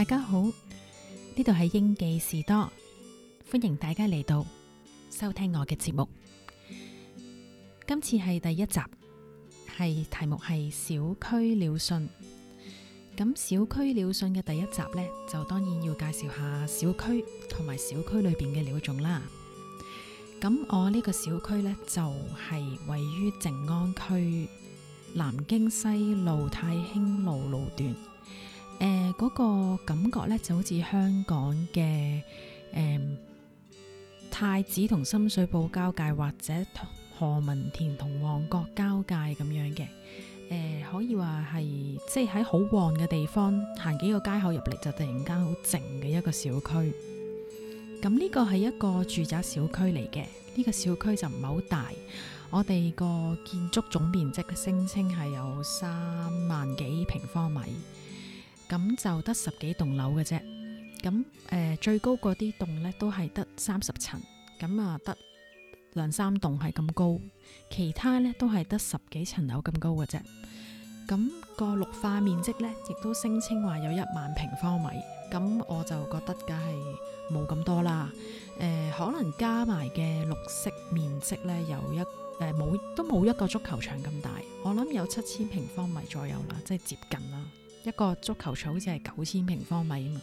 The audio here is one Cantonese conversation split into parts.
大家好，呢度係英記士多，歡迎大家嚟到收聽我嘅節目。今次係第一集，係題目係小區鳥訊。咁小區鳥訊嘅第一集呢，就當然要介紹下小區同埋小區裏邊嘅鳥種啦。咁我呢個小區呢，就係、是、位於靜安區南京西路泰興路路段。誒嗰、呃那個感覺咧，就好似香港嘅誒、呃、太子同深水埗交界，或者同何文田同旺角交界咁樣嘅。誒、呃、可以話係即係喺好旺嘅地方行幾個街口入嚟，就突然間好靜嘅一個小區。咁、嗯、呢、這個係一個住宅小區嚟嘅。呢、這個小區就唔係好大，我哋個建築總面積聲稱係有三萬幾平方米。咁就得十幾棟樓嘅啫，咁誒、呃、最高嗰啲棟呢都係得三十層，咁啊得兩三棟係咁高，其他呢都係得十幾層樓咁高嘅啫。咁、嗰個綠化面積呢亦都聲稱話有一萬平方米，咁我就覺得梗係冇咁多啦。誒、呃、可能加埋嘅綠色面積呢，有一誒冇、呃、都冇一個足球場咁大，我諗有七千平方米左右啦，即係接近啦。一個足球場好似係九千平方米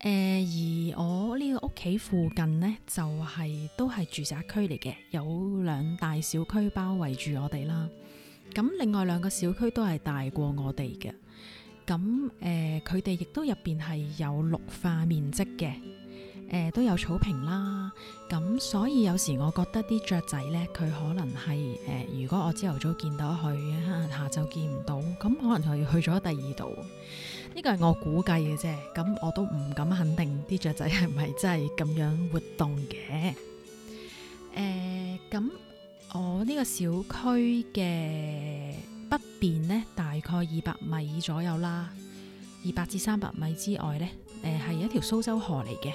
誒、呃，而我呢個屋企附近呢，就係、是、都係住宅區嚟嘅，有兩大小區包圍住我哋啦。咁另外兩個小區都係大過我哋嘅，咁誒，佢哋亦都入邊係有綠化面積嘅。誒、呃、都有草坪啦，咁所以有時我覺得啲雀仔呢，佢可能係誒、呃。如果我朝頭早見到佢，下晝見唔到，咁可能佢去咗第二度。呢個係我估計嘅啫，咁我都唔敢肯定啲雀仔係咪真係咁樣活動嘅。誒、呃，咁我呢個小區嘅北邊呢，大概二百米左右啦，二百至三百米之外呢，誒、呃、係一條蘇州河嚟嘅。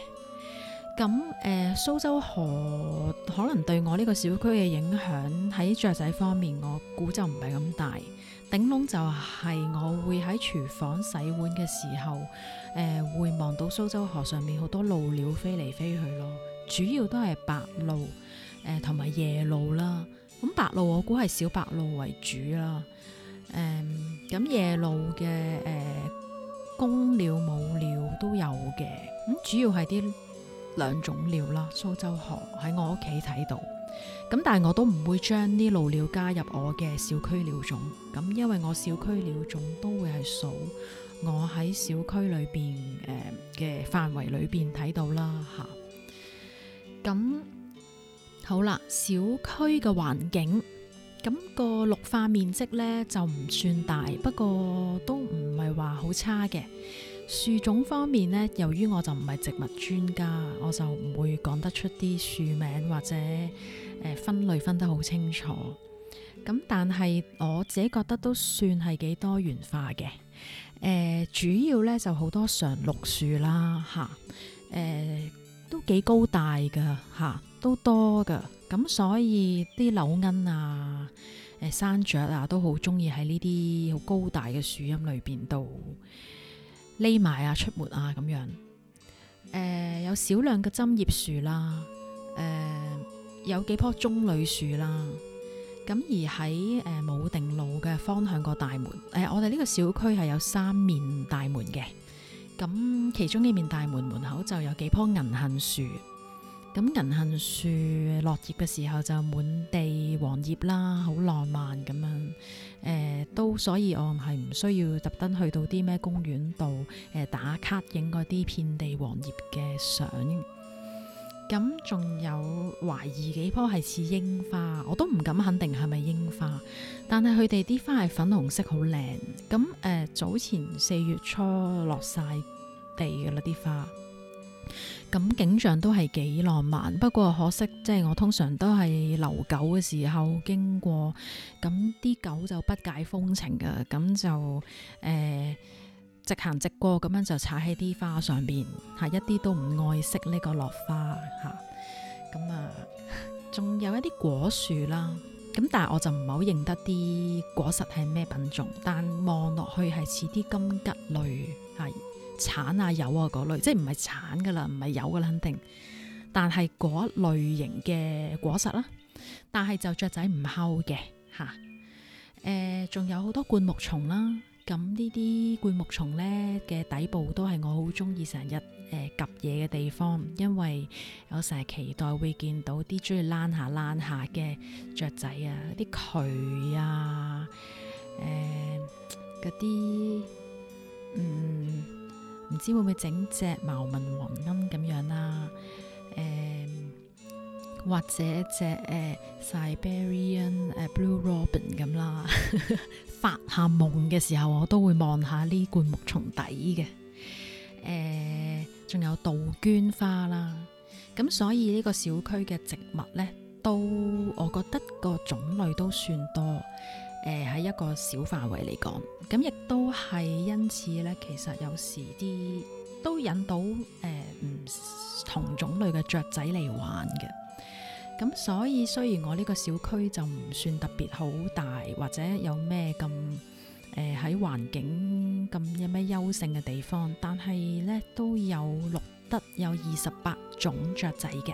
咁呃、蘇州河可能對我呢個小區嘅影響，喺雀仔方面，我估就唔係咁大。頂籠就係我會喺廚房洗碗嘅時候，誒、呃、會望到蘇州河上面好多鷺鳥飛嚟飛去咯。主要都係白鷺誒同埋夜鷺啦。咁、嗯、白鷺我估係小白鷺為主啦。誒、嗯、咁夜鷺嘅誒公鳥母鳥都有嘅，咁、嗯、主要係啲。兩種鳥啦，蘇州河喺我屋企睇到，咁但係我都唔會將呢路鳥加入我嘅小區鳥種，咁因為我小區鳥種都會係數我喺小區裏邊嘅範圍裏邊睇到啦吓，咁、啊、好啦，小區嘅環境，咁個綠化面積呢就唔算大，不過都唔係話好差嘅。樹種方面呢，由於我就唔係植物專家，我就唔會講得出啲樹名或者誒、呃、分類分得好清楚。咁但係我自己覺得都算係幾多元化嘅。誒、呃，主要呢，就好多常綠樹啦，吓，誒、呃、都幾高大噶，吓都多噶。咁所以啲柳鶯啊、誒、呃、山雀啊都好中意喺呢啲好高大嘅樹蔭裏邊度。匿埋啊，出沒啊，咁樣，誒，有少量嘅針葉樹啦，誒、呃，有幾棵棕櫚樹啦，咁而喺誒武定路嘅方向個大門，誒、呃，我哋呢個小區係有三面大門嘅，咁其中呢面大門門口就有幾棵銀杏樹。咁銀杏樹落葉嘅時候就滿地黃葉啦，好浪漫咁樣。誒、呃，都所以我係唔需要特登去到啲咩公園度誒、呃、打卡影嗰啲遍地黃葉嘅相。咁仲有懷疑幾棵係似櫻花，我都唔敢肯定係咪櫻花，但係佢哋啲花係粉紅色，好靚。咁誒、呃，早前四月初落晒地嘅啦啲花。咁景象都係幾浪漫，不過可惜，即係我通常都係遛狗嘅時候經過，咁啲狗就不解風情噶，咁就誒、呃、直行直過咁樣就踩喺啲花上邊，係一啲都唔愛惜呢個落花吓。咁啊，仲、啊、有一啲果樹啦，咁但係我就唔係好認得啲果實係咩品種，但望落去係似啲金桔類係。啊橙啊、柚啊嗰、那個、類，即係唔係橙噶啦，唔係柚噶啦，肯定。但係嗰類型嘅果實啦，但係就雀仔唔摳嘅吓。誒，仲、呃、有好多灌木叢啦。咁呢啲灌木叢咧嘅底部都係我好中意成日誒夾嘢嘅地方，因為我成日期待會見到啲中意躝下躝下嘅雀仔啊，啲渠啊，誒、呃，嗰啲嗯。唔知會唔會整隻茂文黃鶯咁樣啦，誒，或者隻誒 Siberian 誒 Blue Robin 咁啦，發下夢嘅時候我都會望下呢灌木叢底嘅，誒，仲有杜鵑花啦，咁所以呢個小區嘅植物咧，都我覺得個種類都算多。誒喺、呃、一個小範圍嚟講，咁亦都係因此呢，其實有時啲都引到誒唔、呃、同種類嘅雀仔嚟玩嘅。咁所以雖然我呢個小區就唔算特別好大，或者有咩咁喺環境咁有咩優勝嘅地方，但係呢都有錄得有二十八種雀仔嘅。誒、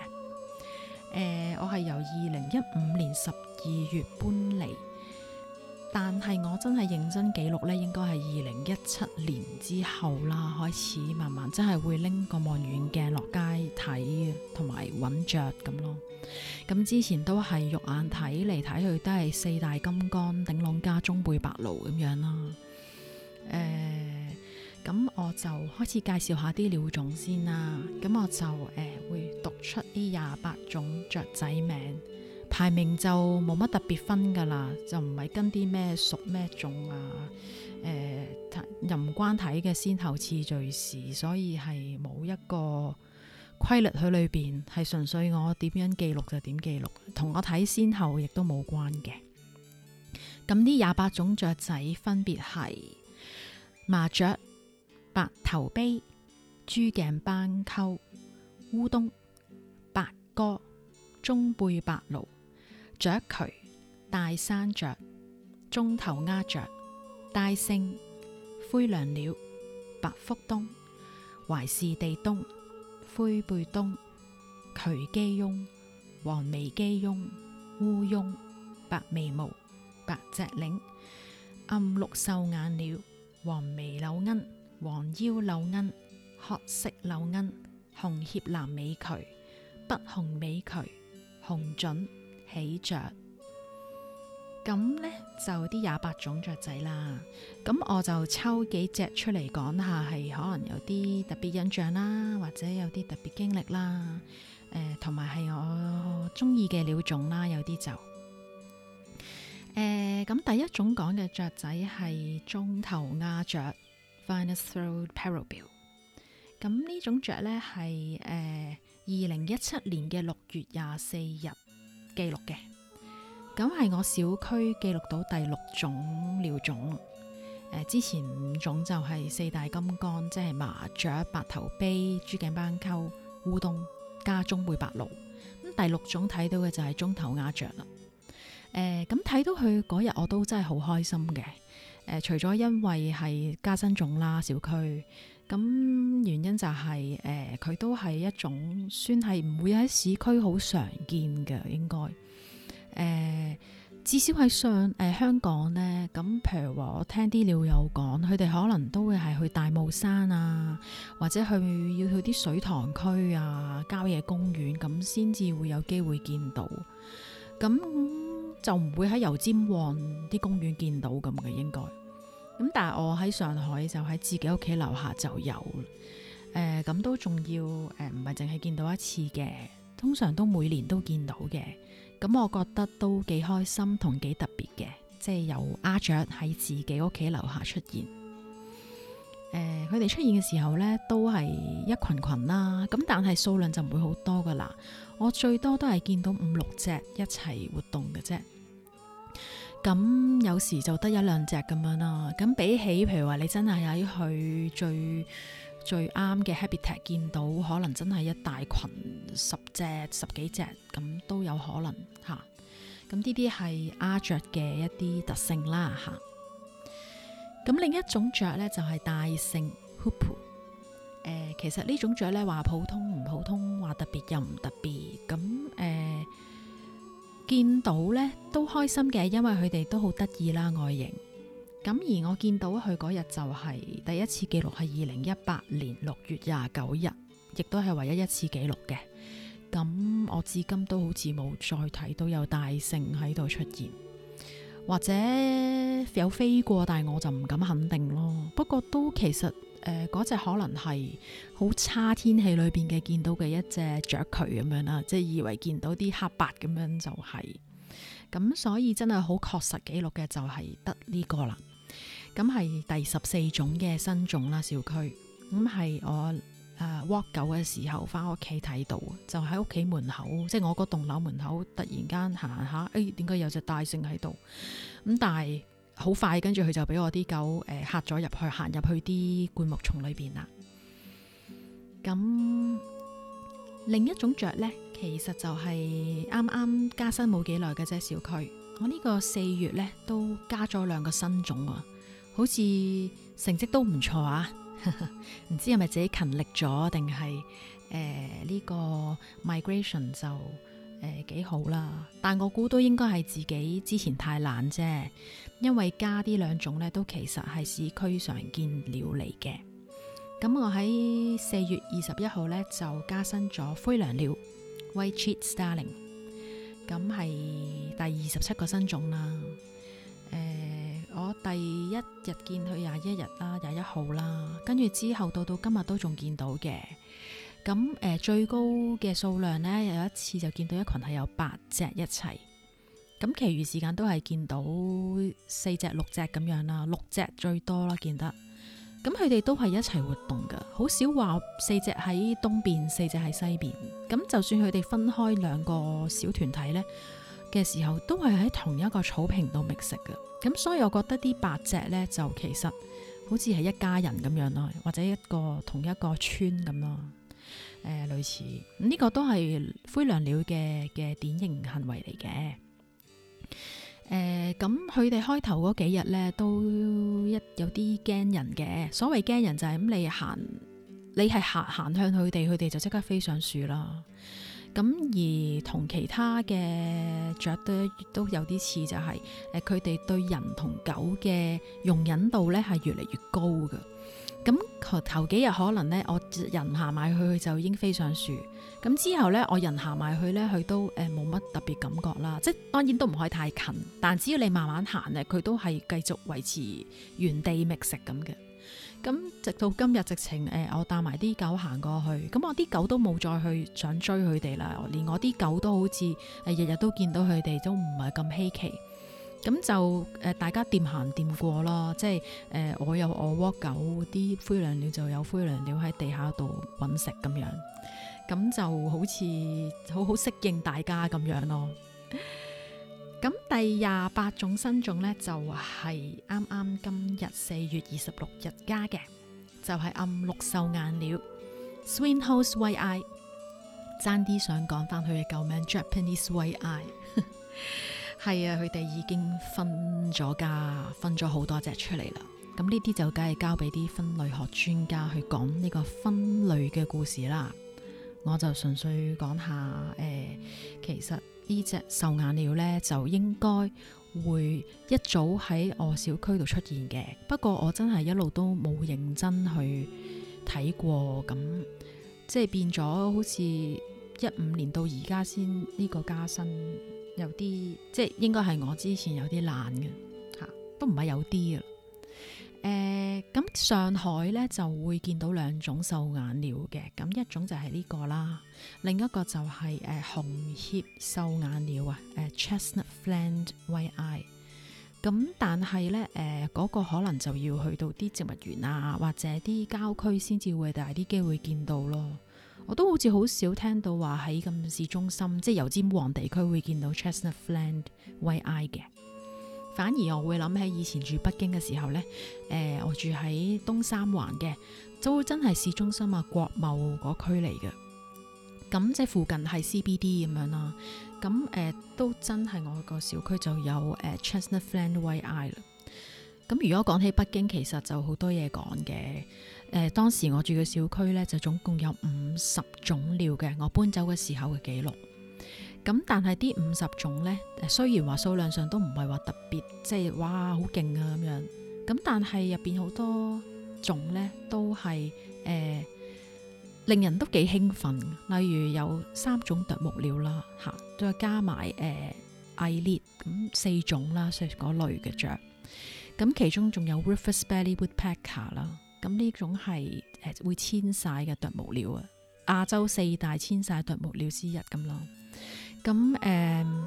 呃，我係由二零一五年十二月搬嚟。但係我真係認真記錄呢應該係二零一七年之後啦，開始慢慢真係會拎個望遠鏡落街睇同埋搵雀咁咯。咁之前都係肉眼睇嚟睇去，都係四大金剛、頂籠加中背白鷺咁樣啦。誒、呃，咁我就開始介紹下啲鳥種先啦。咁我就誒、呃、會讀出啲廿八種雀仔名。排名就冇乜特別分噶啦，就唔係跟啲咩屬咩種啊，誒又唔關睇嘅先後次序事，所以係冇一個規律喺裏邊，係純粹我點樣記錄就點記錄，同我睇先後亦都冇關嘅。咁呢廿八種雀仔分別係麻雀、白頭鵯、珠頸斑鳩、烏鶇、八哥、中背白鷺、鵲鴝、大山雀、棕頭鴉雀、大聖灰椋鳥、白腹鶇、懷氏地鶇、灰背鶇、鴝姬鶲、黃眉姬鶲、烏鶲、白眉毛白鶺鴒、暗綠繡眼鳥、黃眉柳鶯、黃腰柳鶯、褐色柳鶯、紅脅藍尾鴝、北紅尾鴝、紅隼。紅隼喜雀，咁呢就啲廿八種雀仔啦。咁我就抽幾隻出嚟講下，係可能有啲特別印象啦，或者有啲特別經歷啦。同埋係我中意嘅鳥種啦。有啲就誒，咁、呃、第一種講嘅雀仔係中頭鴉雀 （Vinous-throated Parrotbill）。咁呢 種雀呢係誒二零一七年嘅六月廿四日。記錄嘅，咁係我小區記錄到第六種鳥種，之前五種就係四大金剛，即係麻雀、白頭鵯、珠頸斑鳩、烏鶇加中貝白鷺，咁第六種睇到嘅就係棕頭鴉雀啦，咁、呃、睇到佢嗰日我都真係好開心嘅，誒、呃，除咗因為係加新種啦，小區。咁原因就係、是、誒，佢、呃、都係一種算係唔會喺市區好常見嘅，應該誒、呃，至少喺上誒、呃、香港咧。咁譬如話，我聽啲鳥友講，佢哋可能都會係去大帽山啊，或者去要去啲水塘區啊、郊野公園咁，先至會有機會見到。咁就唔會喺油尖旺啲公園見到咁嘅應該。咁但係我喺上海就喺自己屋企樓下就有誒，咁、呃、都仲要誒，唔係淨係見到一次嘅，通常都每年都見到嘅。咁、嗯、我覺得都幾開心同幾特別嘅，即係有阿雀喺自己屋企樓下出現。誒、呃，佢哋出現嘅時候咧，都係一群群啦。咁但係數量就唔會好多噶啦。我最多都係見到五六隻一齊活動嘅啫。咁有時就得一兩隻咁樣啦、啊，咁比起譬如話你真係喺佢最最啱嘅 habitat 見到，可能真係一大群、十隻、十幾隻咁都有可能嚇。咁呢啲係鴉雀嘅一啲特性啦嚇。咁、啊、另一種雀呢，就係、是、戴勝。hoopoe 誒其實呢種雀呢，話普通唔普通，話特別又唔特別咁見到呢都開心嘅，因為佢哋都好得意啦，外形。咁而我見到佢嗰日就係第一次記錄，係二零一八年六月廿九日，亦都係唯一一次記錄嘅。咁我至今都好似冇再睇到有大聖喺度出現，或者有飛過，但係我就唔敢肯定咯。不過都其實。嗰隻、呃、可能係好差天氣裏邊嘅見到嘅一隻雀渠咁樣啦，即係以為見到啲黑白咁樣就係、是，咁所以真係好確實記錄嘅就係得呢個啦。咁係第十四種嘅新種啦，小區。咁係我誒 Walk 狗嘅時候返屋企睇到，就喺屋企門口，即、就、係、是、我嗰棟樓門口，突然間行下，誒點解有隻大聖喺度？咁但係。好快，跟住佢就俾我啲狗誒、呃、嚇咗入去，行入去啲灌木叢裏邊啦。咁另一種雀呢，其實就係啱啱加新冇幾耐嘅啫。小區我呢個四月呢都加咗兩個新種啊，好似成績都唔錯啊。唔 知係咪自己勤力咗，定係誒呢個 migration 就誒幾、呃、好啦？但我估都應該係自己之前太懶啫。因為加啲兩種咧，都其實係市區常見鳥嚟嘅。咁我喺四月二十一號咧就加新咗灰鶯鳥 w h i t e c h e t Starling），咁係第二十七個新種啦。誒、呃，我第一日見佢廿一日啦，廿一號啦，跟住之後到到今日都仲見到嘅。咁誒、呃，最高嘅數量咧，有一次就見到一群係有八隻一齊。咁，其餘時間都係見到四隻六隻咁樣啦，六隻最多啦，見得咁。佢哋都係一齊活動噶，好少話四隻喺東邊，四隻喺西邊。咁就算佢哋分開兩個小團體呢，嘅時候，都係喺同一個草坪度覓食噶。咁所以我覺得啲八隻呢，就其實好似係一家人咁樣咯，或者一個同一個村咁咯，誒、呃，類似呢、嗯，這個都係灰椋鳥嘅嘅典型行為嚟嘅。誒，咁佢哋開頭嗰幾日呢，都一有啲驚人嘅。所謂驚人就係咁，你行，你係行行向佢哋，佢哋就即刻飛上樹啦。咁而同其他嘅雀都都有啲似，就係誒，佢哋對人同狗嘅容忍度呢，係越嚟越高㗎。咁頭幾日可能咧，我人行埋去，佢就已經飛上樹。咁之後咧，我人行埋去咧，佢都誒冇乜特別感覺啦。即係當然都唔可以太近，但只要你慢慢行咧，佢都係繼續維持原地覓食咁嘅。咁直到今日直情誒，我帶埋啲狗行過去，咁我啲狗都冇再去想追佢哋啦。連我啲狗都好似誒日日都見到佢哋，都唔係咁稀奇。咁就誒、呃，大家掂行掂過咯，即係誒、呃，我有我窩狗，啲灰倖鳥就有灰倖鳥喺地下度揾食咁樣，咁就好似好好適應大家咁樣咯。咁 第廿八種新種呢，就係啱啱今日四月二十六日加嘅，就係、是、暗綠瘦眼鳥 （Swinhoe's w h e y e 爭啲想講翻佢嘅舊名 Japanese w h e y e 係啊，佢哋已經分咗家，分咗好多隻出嚟啦。咁呢啲就梗係交俾啲分類學專家去講呢個分類嘅故事啦。我就純粹講下，誒、呃，其實呢隻繡眼鳥呢，就應該會一早喺我小區度出現嘅。不過我真係一路都冇認真去睇過，咁即係變咗好似一五年到而家先呢個加薪。有啲即係應該係我之前有啲爛嘅嚇，啊、都唔係有啲嘅誒。咁、呃、上海呢，就會見到兩種繡眼鳥嘅，咁一種就係呢個啦，另一個就係、是、誒、呃、紅脅繡眼鳥啊，誒、呃、chestnut flanked white-eye。咁但係呢，誒、呃、嗰、那個可能就要去到啲植物園啊，或者啲郊區先至會大啲機會見到咯。我都好似好少聽到話喺咁市中心，即係油尖旺地區會見到 Chestnut-flanked White-eye 嘅。反而我會諗起以前住北京嘅時候呢，誒、呃，我住喺東三環嘅，就都真係市中心啊，國貿嗰區嚟嘅。咁即係附近係 CBD 咁樣啦。咁誒、呃、都真係我個小區就有誒 Chestnut-flanked White-eye 啦。咁、呃、如果講起北京，其實就好多嘢講嘅。誒，當時我住嘅小區咧，就總共有五十種鳥嘅。我搬走嘅時候嘅記錄咁，但係啲五十種咧，誒，雖然話數量上都唔係話特別，即係哇好勁啊咁樣。咁但係入邊好多種咧，都係誒、呃、令人都幾興奮。例如有三種啄木鳥啦，吓，都再加埋誒蟻鴷咁四種啦，即嗰類嘅雀。咁其中仲有 Rufous-bellied Woodpecker 啦。咁呢、嗯、種係誒、呃、會遷徙嘅啄木鳥啊，亞洲四大遷徙啄木鳥之一咁咯。咁誒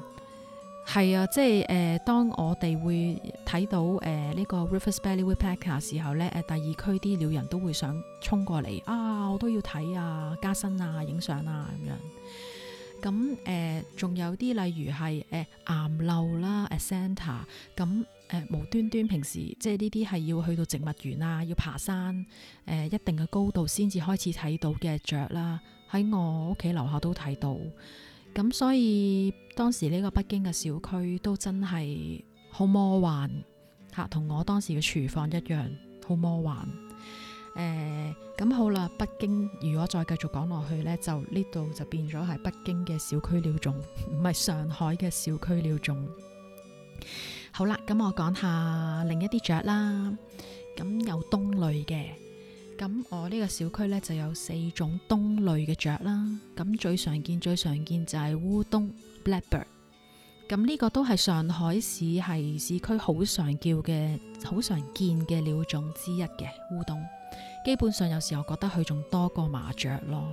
係啊，即係誒、呃、當我哋會睇到誒呢、呃呢個 Rufous-bellied woodpecker 時候咧，誒、呃、第二區啲鳥人都會想衝過嚟啊！我都要睇啊，加身啊，影相啊咁樣。咁誒仲有啲例如係誒岩鷚啦、Accentor 咁。Santa, 嗯誒、呃、無端端平時即係呢啲係要去到植物園啊，要爬山、呃、一定嘅高度先至開始睇到嘅雀啦，喺我屋企樓下都睇到。咁、嗯、所以當時呢個北京嘅小區都真係好魔幻嚇，同、啊、我當時嘅廚房一樣好魔幻。誒、呃、咁好啦，北京如果再繼續講落去呢，就呢度就變咗係北京嘅小區鳥種，唔係上海嘅小區鳥種。好啦，咁我講下另一啲雀啦，咁有鶇類嘅，咁我呢個小區呢就有四種鶇類嘅雀啦，咁最常見最常見就係烏鶇 blackbird，咁呢個都係上海市係市區好常叫嘅好常見嘅鳥種之一嘅烏鶇，基本上有時候我覺得佢仲多過麻雀咯。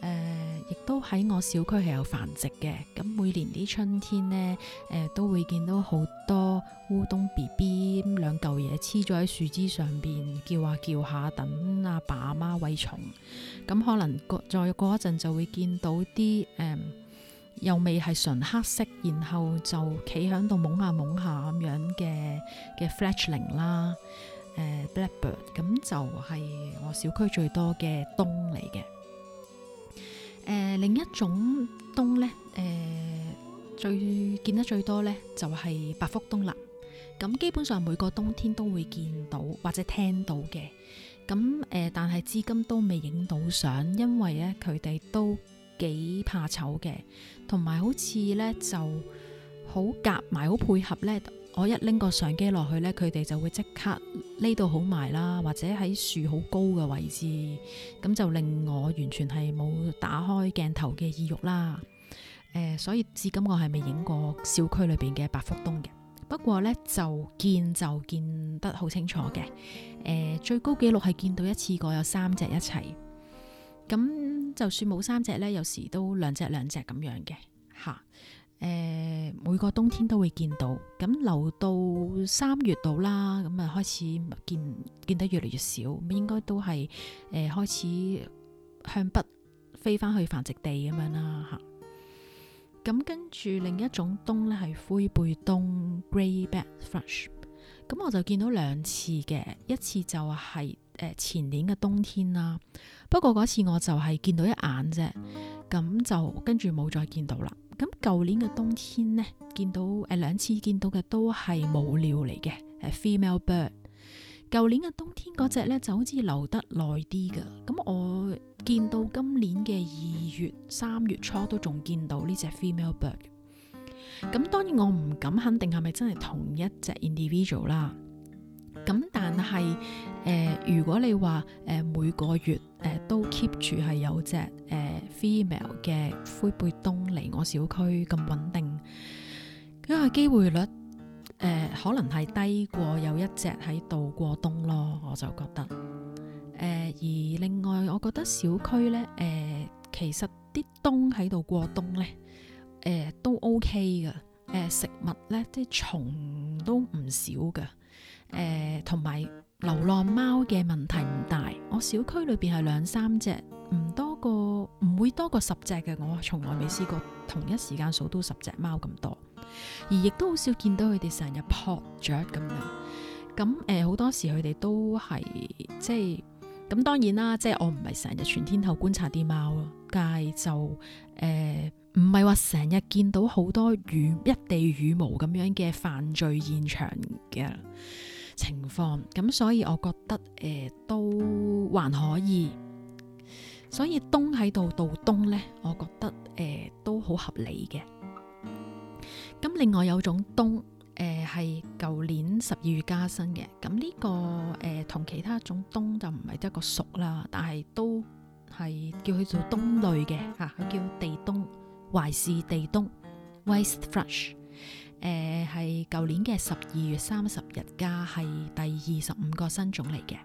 誒、呃，亦都喺我小區係有繁殖嘅。咁每年啲春天呢，誒、呃、都會見到好多烏冬 B B 兩嚿嘢黐咗喺樹枝上邊，叫下、啊、叫下、啊，等阿爸阿媽餵蟲。咁、嗯、可能過再過一陣就會見到啲誒、呃、又未係純黑色，然後就企喺度懵下懵下咁樣嘅嘅 fledgling 啦，誒 blackbird、呃。咁 Black、嗯、就係、是、我小區最多嘅冬嚟嘅。誒、呃、另一種鶇咧，誒、呃、最見得最多咧就係、是、白腹鶇。咁基本上每個冬天都會見到或者聽到嘅。咁誒、呃、但係至今都未影到相，因為咧佢哋都幾怕醜嘅，同埋好似咧就好夾埋好配合咧，我一拎個相機落去呢，佢哋就會即刻匿到好埋啦，或者喺樹好高嘅位置，咁就令我完全係冇打開鏡頭嘅意欲啦。呃，所以至今我係未影過小區裏邊嘅白福東嘅。不過呢，就見就見得好清楚嘅。呃，最高紀錄係見到一次過有三隻一齊。咁就算冇三隻呢，有時都兩隻兩隻咁樣嘅。誒每個冬天都會見到，咁留到三月度啦，咁啊開始見見得越嚟越少，應該都係誒、呃、開始向北飛翻去繁殖地咁樣啦。嚇、嗯、咁跟住另一種冬呢，係灰背冬 （greyback f r u s h 咁、嗯、我就見到兩次嘅，一次就係誒前年嘅冬天啦。不過嗰次我就係見到一眼啫，咁、嗯、就跟住冇再見到啦。咁舊年嘅冬天呢，見到誒、呃、兩次見到嘅都係母鳥嚟嘅誒 female bird。舊年嘅冬天嗰隻呢就好似留得耐啲㗎。咁我見到今年嘅二月三月初都仲見到呢隻 female bird。咁當然我唔敢肯定係咪真係同一隻 individual 啦。.咁但係，誒、呃，如果你話誒、呃、每個月誒、呃、都 keep 住係有隻誒 female 嘅灰背鶇嚟我小區咁穩定，咁個機會率誒、呃、可能係低過有一隻喺度過冬咯。我就覺得誒、呃，而另外我覺得小區咧，誒、呃，其實啲鶇喺度過冬咧，誒、呃、都 O K 噶，誒、呃、食物咧啲蟲都唔少噶。誒同埋流浪貓嘅問題唔大，我小區裏邊係兩三隻，唔多過唔會多過十隻嘅。我從來未試過同一時間數到十隻貓咁多，而亦都好少見到佢哋成日撲雀咁樣。咁誒好多時佢哋都係即係咁，當然啦，即係我唔係成日全天候觀察啲貓咯，但係就誒唔係話成日見到好多羽一地羽毛咁樣嘅犯罪現場嘅。情況咁，所以我覺得誒都還可以，所以冬喺度到冬呢，我覺得誒都好合理嘅。咁另外有種鶇，誒係舊年十二月加新嘅，咁呢個誒同其他種鶇就唔係一個屬啦，但係都係叫佢做鶇類嘅吓，佢叫地鶇，懷氏地鶇，White's Thrush。誒，係舊、呃、年嘅十二月三十日加，係第二十五個新種嚟嘅。誒、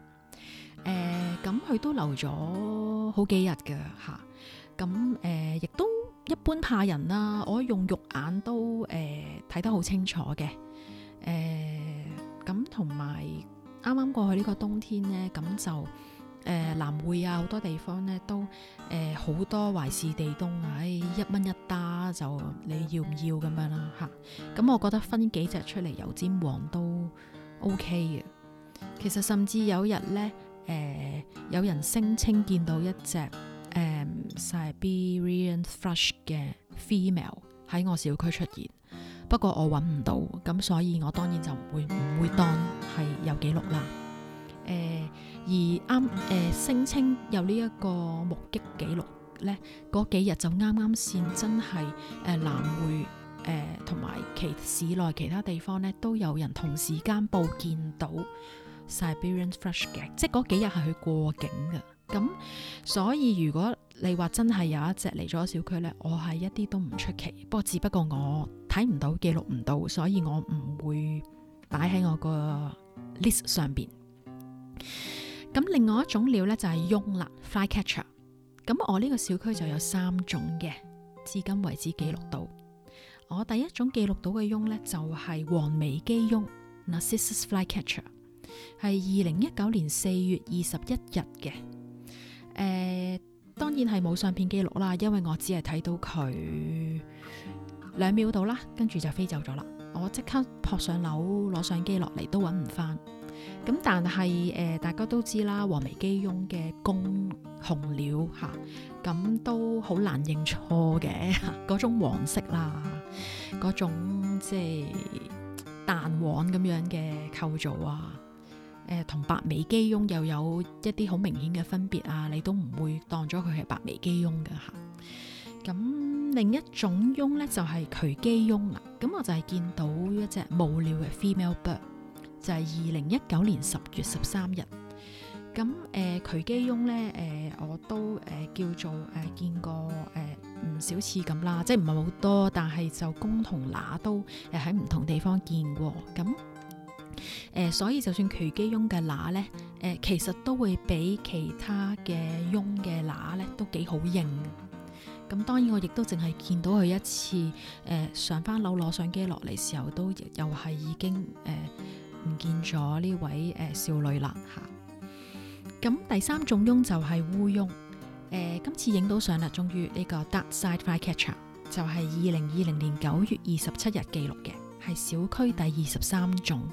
呃，咁佢都留咗好幾日㗎吓。咁、啊、誒，亦、呃、都一般怕人啦。我用肉眼都誒睇、呃、得好清楚嘅。誒、呃，咁同埋啱啱過去呢個冬天咧，咁就。誒、呃、南匯啊，好多地方咧都誒好、呃、多懷氏地鶇、哎、一一要要啊，一蚊一打就你要唔要咁樣啦嚇。咁我覺得分幾隻出嚟油尖旺都 OK 嘅。其實甚至有日咧誒有人聲稱見到一隻誒、呃、Siberian Thrush 嘅 Female 喺我小區出現，不過我揾唔到，咁所以我當然就唔會唔會當係有記錄啦。誒、呃。而啱誒聲稱有呢一個目擊記錄咧，嗰幾日就啱啱先真係誒南匯誒同埋其市內其他地方咧都有人同時間報見到 Siberian Flash 嘅，即係嗰幾日係去過境嘅。咁所以如果你話真係有一隻嚟咗小區呢，我係一啲都唔出奇。不過只不過我睇唔到，記錄唔到，所以我唔會擺喺我個 list 上邊。咁另外一種鳥咧就係翁啦 flycatcher，咁我呢個小區就有三種嘅，至今為止記錄到。我第一種記錄到嘅翁呢，就係、是、黃眉基翁 narcissus flycatcher，係二零一九年四月二十一日嘅。誒、呃、當然係冇相片記錄啦，因為我只係睇到佢兩秒到啦，跟住就飛走咗啦。我即刻撲上樓攞相機落嚟，都揾唔翻。咁但係誒、呃，大家都知啦，黃眉基翁嘅公雄鳥吓，咁、啊、都好難認錯嘅嗰種黃色啦，嗰種即係蛋黃咁樣嘅構造啊，誒、呃，同白眉基翁又有一啲好明顯嘅分別啊，你都唔會當咗佢係白眉基翁嘅吓。咁、啊、另一種翁咧就係、是、渠基翁啦，咁、啊、我就係見到一隻冇料嘅 female bird。就係二零一九年十月十三日咁。誒，渠、呃、基翁咧，誒、呃，我都誒、呃、叫做誒、呃、見過誒唔、呃、少次咁啦，即係唔係好多，但係就公同乸都誒喺唔同地方見過咁誒、呃。所以就算渠基翁嘅乸咧，誒、呃、其實都會比其他嘅翁嘅乸咧都幾好認。咁當然我亦都淨係見到佢一次誒、呃、上翻樓攞相機落嚟時候，都又係已經誒。呃唔見咗呢位誒、呃、少女啦，吓。咁、啊、第三種翁就係烏翁，誒、呃、今次影到相啦，終於呢個 Dark-sided Flycatcher 就係二零二零年九月二十七日記錄嘅，係小區第二十三種，誒、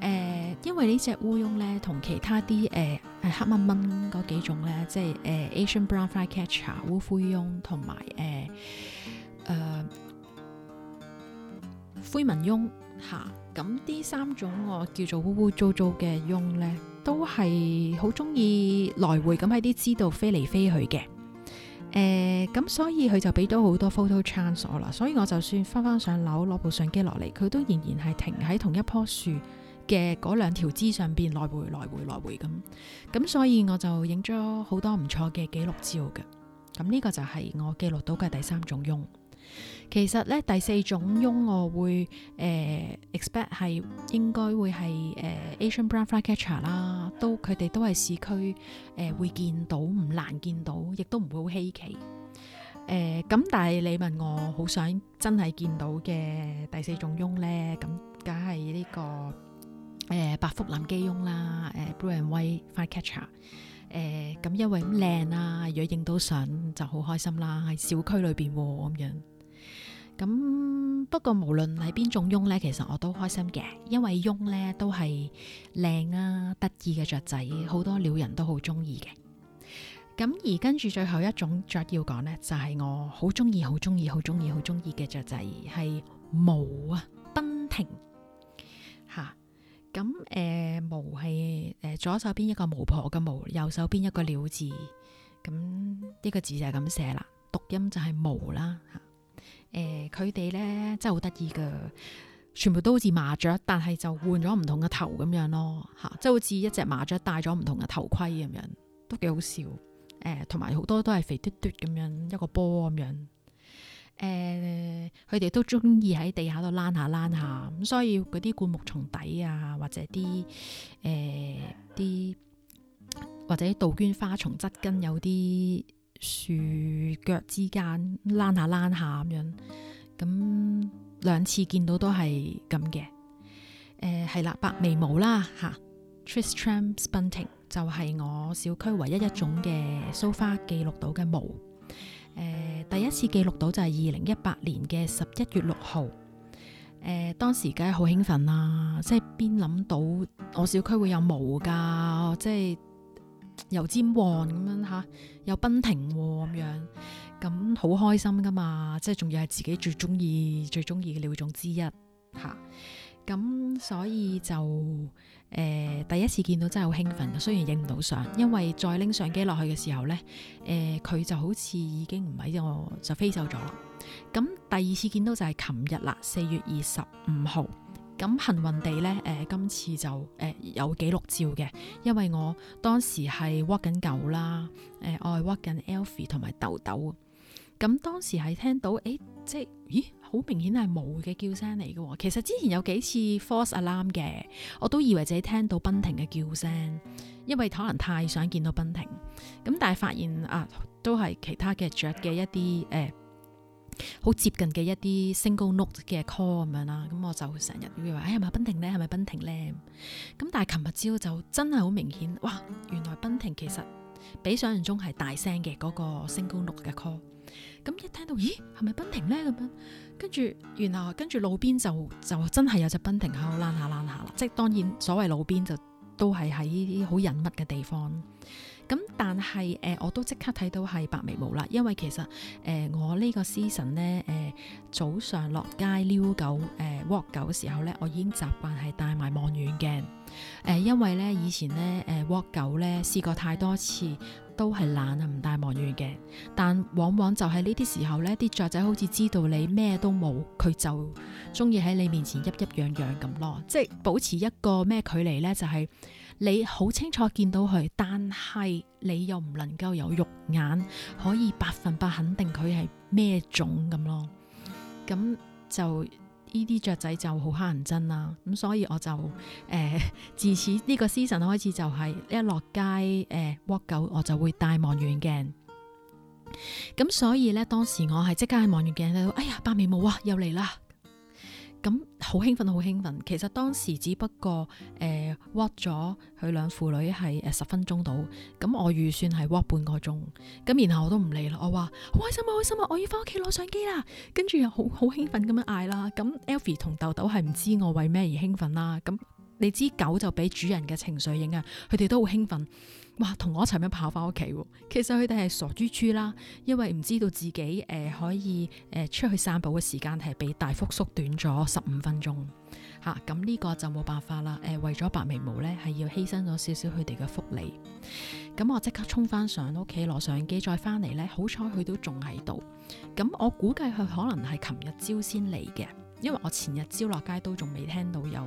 呃、因為隻烏呢隻烏翁咧同其他啲誒、呃、黑蚊蚊嗰幾種咧，即係誒、呃、Asian Brown Flycatcher 烏灰翁同埋誒誒灰紋翁吓。啊咁呢三種我叫做污污糟糟嘅翁呢，都係好中意來回咁喺啲枝度飛嚟飛去嘅。誒、呃，咁所以佢就俾到好多 photo chance 我啦。所以我就算翻翻上樓攞部相機落嚟，佢都仍然係停喺同一棵樹嘅嗰兩條枝上邊來回來回來回咁。咁所以我就影咗好多唔錯嘅記錄照嘅。咁呢個就係我記錄到嘅第三種翁。其實咧，第四種翁我會誒、呃、expect 係應該會係誒、呃、Asian Brown Flycatcher 啦，都佢哋都係市區誒、呃、會見到，唔難見到，亦都唔會好稀奇。誒、呃、咁，但係你問我好想真係見到嘅第四種翁咧，咁梗係呢個誒、呃、白腹藍雞翁啦，誒、呃、Blue and White Flycatcher 誒、呃、咁因為咁靚啊，如果影到相就好開心啦，喺小區裏邊喎咁樣。咁不過無論係邊種翁咧，其實我都開心嘅，因為翁咧都係靚啊、得意嘅雀仔，好多鳥人都好中意嘅。咁而跟住最後一種雀要講咧，就係、是、我好中意、好中意、好中意、好中意嘅雀仔係毛啊，奔庭吓。咁、啊、誒、呃，毛係誒、呃、左手邊一個巫婆嘅毛，右手邊一個鳥字。咁呢、這個字就係咁寫啦，讀音就係毛啦。啊。誒佢哋咧真係好得意噶，全部都好似麻雀，但係就換咗唔同嘅頭咁樣咯，嚇、啊，即係好似一隻麻雀戴咗唔同嘅頭盔咁樣，都幾好笑。誒同埋好多都係肥嘟嘟咁樣一個波咁樣。誒佢哋都中意喺地下度躝下躝下，咁所以嗰啲灌木叢底啊，或者啲誒啲或者杜鵑花叢側根有啲。樹腳之間攣下攣下咁樣，咁兩次見到都係咁嘅。誒係啦，白眉毛啦吓、啊、Tristram's Bunting 就係我小區唯一一種嘅 so far 記錄到嘅毛。誒、呃、第一次記錄到就係二零一八年嘅十一月六號。誒、呃、當時梗係好興奮啦、啊，即係邊諗到我小區會有毛㗎？即係。油尖旺咁樣吓，又奔停咁、啊、樣，咁好開心噶嘛！即係仲要係自己最中意、最中意嘅鳥種之一嚇，咁所以就誒、呃、第一次見到真係好興奮，雖然影唔到相，因為再拎相機落去嘅時候呢，誒、呃、佢就好似已經唔喺，我就飛走咗啦。咁第二次見到就係琴日啦，四月二十五號。咁幸運地咧，誒、呃、今次就誒、呃、有記錄照嘅，因為我當時係 walk 緊狗啦，誒、呃、我係 walk 緊 Alfie 同埋豆豆啊。咁當時係聽到，誒、欸、即係，咦，好明顯係冇嘅叫聲嚟嘅喎。其實之前有幾次 false alarm 嘅，我都以為自己聽到奔霆嘅叫聲，因為可能太想見到奔霆，咁但係發現啊都係其他嘅雀嘅一啲誒。呃好接近嘅一啲 single note 嘅 call 咁樣啦，咁我就成日要話，哎，係咪奔霆咧？係咪奔霆咧？咁但係琴日朝就真係好明顯，哇！原來奔霆其實比想象中係大聲嘅嗰個 single note 嘅 call，咁一聽到，咦係咪奔霆咧？咁樣，跟住然後跟住路邊就就真係有隻奔霆喺度躝下躝下啦，即係當然所謂路邊就都係喺啲好隱密嘅地方。咁但係誒，我都即刻睇到係白眉毛啦，因為其實誒我呢個 season 咧誒，早上落街遛狗誒 walk 狗嘅時候咧，我已經習慣係帶埋望遠鏡誒，因為咧以前咧誒 walk 狗咧試過太多次都係懶啊唔帶望遠鏡，但往往就係呢啲時候咧，啲雀仔好似知道你咩都冇，佢就中意喺你面前噏噏嚷嚷咁咯，即係保持一個咩距離咧，就係。你好清楚見到佢，但係你又唔能夠有肉眼可以百分百肯定佢係咩種咁咯。咁就呢啲雀仔就好乞人憎啦。咁所以我就誒、呃，自此呢個 season 開始就係、是、一落街誒 walk 狗，呃、out, 我就會戴望遠鏡。咁所以咧，當時我係即刻去望遠鏡睇到，哎呀，白眉毛哇、啊，又嚟啦！咁好興奮，好興奮！其實當時只不過誒 walk 咗佢兩父女係誒十分鐘到。咁我預算係 walk 半個鐘，咁然後我都唔理啦，我話好開心啊，開心啊！我要翻屋企攞相機啦，跟住又好好興奮咁樣嗌啦。咁 Alfie 同豆豆係唔知我為咩而興奮啦。咁你知狗就俾主人嘅情緒影啊，佢哋都好興奮。哇，同我一齊咁跑翻屋企，其實佢哋係傻豬豬啦，因為唔知道自己誒、呃、可以誒、呃、出去散步嘅時間係被大幅縮短咗十五分鐘吓，咁、啊、呢、這個就冇辦法啦。誒、呃、為咗白眉毛咧，係要犧牲咗少少佢哋嘅福利。咁、啊、我即刻沖翻上屋企，攞相機再翻嚟咧，好彩佢都仲喺度。咁、啊、我估計佢可能係琴日朝先嚟嘅，因為我前日朝落街都仲未聽到有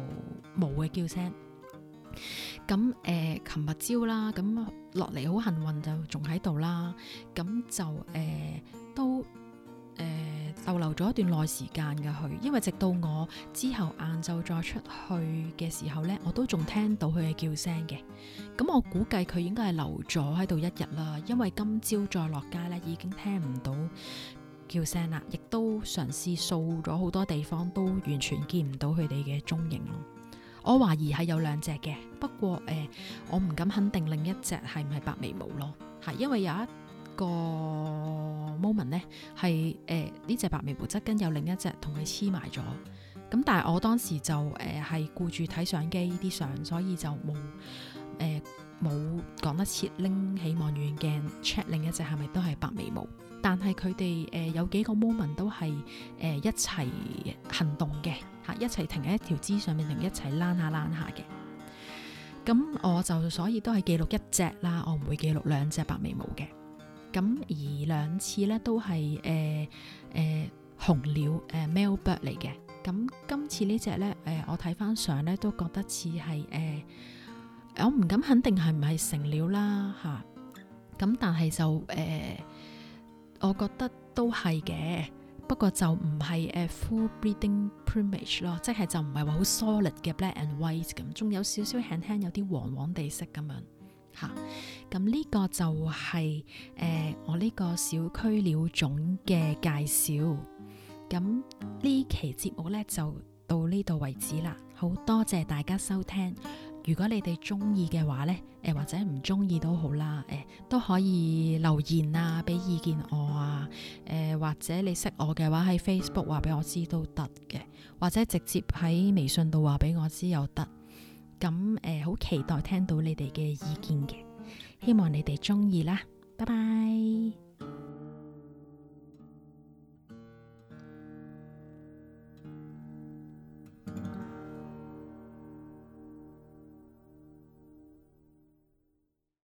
毛嘅叫聲。咁誒，琴日朝啦，咁落嚟好幸運，就仲喺度啦。咁就誒都、嗯、逗留咗一段耐時間嘅佢，因為直到我之後晏晝再出去嘅時候呢，我都仲聽到佢嘅叫聲嘅。咁、嗯、我估計佢應該係留咗喺度一日啦，因為今朝再落街呢，已經聽唔到叫聲啦，亦都嘗試掃咗好多地方，都完全見唔到佢哋嘅蹤影。我懷疑係有兩隻嘅，不過誒、呃，我唔敢肯定另一隻係唔係白眉毛咯，係因為有一個 moment 呢，係誒呢隻白眉毛側跟有另一隻同佢黐埋咗，咁但係我當時就誒係顧住睇相機啲相，所以就冇誒冇講得切拎起望遠鏡 check 另一隻係咪都係白眉毛。但係佢哋誒有幾個 moment 都係誒一齊行動嘅嚇，一齊停喺一條枝上面，同一齊躝下躝下嘅。咁我就所以都係記錄一隻啦，我唔會記錄兩隻白眉毛嘅。咁而兩次咧都係誒誒雄鳥誒 male bird 嚟嘅。咁今次呢隻咧誒，我睇返相咧都覺得似係誒，我唔敢肯定係唔係成鳥啦嚇。咁但係就誒。我覺得都係嘅，不過就唔係誒 full breeding plumage 咯，即係就唔係話好 solid 嘅 black and white 咁，仲有少少輕輕有啲黃黃地色咁樣嚇。咁、啊、呢個就係、是、誒、呃、我呢個小區鳥種嘅介紹。咁呢期節目呢，就到呢度為止啦，好多謝大家收聽。如果你哋中意嘅話呢，誒、呃、或者唔中意都好啦，誒、呃、都可以留言啊，俾意見我啊，誒、呃、或者你識我嘅話喺 Facebook 話俾我知都得嘅，或者直接喺微信度話俾我知又得，咁誒好期待聽到你哋嘅意見嘅，希望你哋中意啦，拜拜。